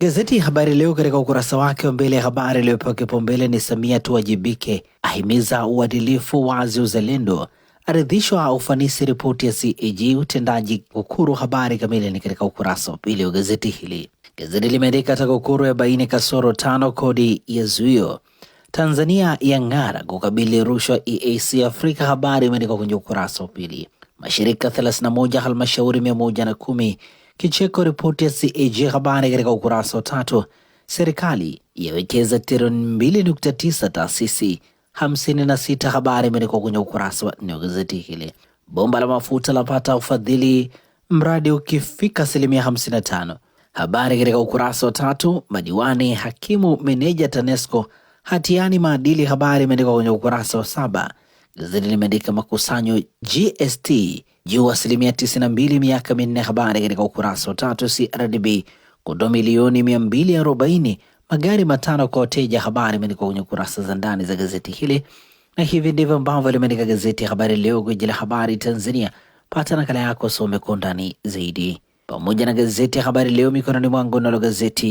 Gazeti Habari Leo katika ukurasa wake wa mbele ya habari iliyopewa kipaumbele ni Samia tuwajibike, ahimiza uadilifu, wazi, uzalendo, aridhishwa ufanisi ripoti ya CAG utendaji TAKUKURU. Habari kamili ni katika ukurasa wa pili wa gazeti hili. Gazeti limeandika TAKUKURU ya baini kasoro tano kodi ya zuio, Tanzania ya ng'ara kukabili rushwa EAC Afrika. Habari imeandikwa kwenye ukurasa wa pili. Mashirika 31 halmashauri 110 Kicheko, ripoti ya CAG habari katika ukurasa wa tatu. Serikali yawekeza trilioni 2.9 taasisi 56, habari imeandikwa kwenye ukurasa wa nne wa gazeti hili. Bomba la mafuta lapata ufadhili, mradi ukifika asilimia 55, habari katika ukurasa wa tatu. Madiwani, hakimu, meneja TANESCO hatiani maadili, habari imeandikwa kwenye ukurasa wa saba. Gazeti limeandika makusanyo GST juu asilimia 92 miaka minne. Habari katika ukurasa wa tatu. CRDB kutoa milioni 240 magari matano kwa wateja. Habari imeandikwa kwenye kurasa za ndani za gazeti hili, na hivi ndivyo ambavyo limeandika gazeti ya Habari Leo, gwiji la habari Tanzania. Pata nakala yako, some kwa undani zaidi, pamoja na gazeti ya Habari Leo mikononi mwangu, nalo gazeti